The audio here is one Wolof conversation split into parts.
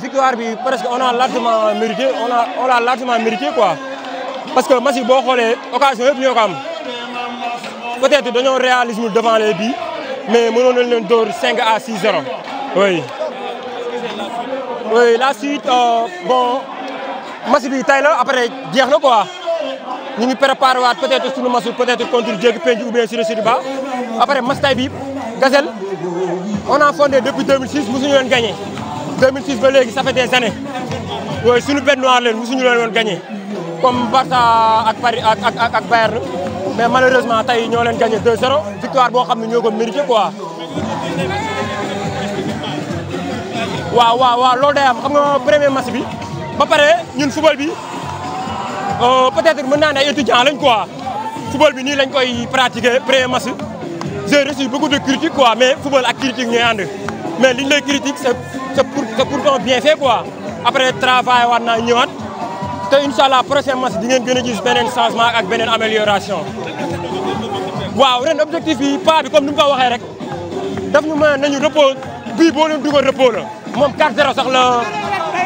victoire bi presque on a largement mérité on a on l'a largement mérité quoi parce que match yi boo xoolee occasion yëpp ñoo ko am peut-être dañoo réalisme devant les buts mais mënoon nañ leen dóor 5 à 6 0. oui la suite euh, bon match bi tay la après jeex na quoi ñu ngi préparé waat peut-être suñu match peut-être contre Diéguy Penj ou bien Siré Siriba après match tay bi Gazelle on fondé depuis 2006 musuñu leen gagné. 2006 ba léegi ça fait des années yooyu suñu bête noire leen mosuñu leen woon gagné comme Barça ak Paris ak ak ak Bayern mais malheureusement tey ñoo leen gagné 2-0 victoire boo xam ne ñoo ko mérité quoi. waaw waaw waaw loolu day am xam nga premier match bi ba pare ñun football bi euh, peut-être mën naa ne ay étudiants lañ quoi bi nii lañ koy pratiquer premier match j'ai reçu beaucoup de critiques quoi mais ak critique ñooy ànd mais liñ lay critique c'est c'est pour c'est pour ton bienfait quoi après travail war naa ñëwaat te incha prochain match di ngeen gën gis beneen changement ak beneen amélioration. waaw ren objectif yi pas comme ni mu ko waxee rek daf ñu mën nañu repos bii boo leen dugal repos la moom 4-0 sax la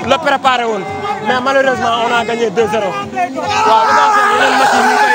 la préparé woon mais malheureusement on a gagné 2-0 waaw li ma wax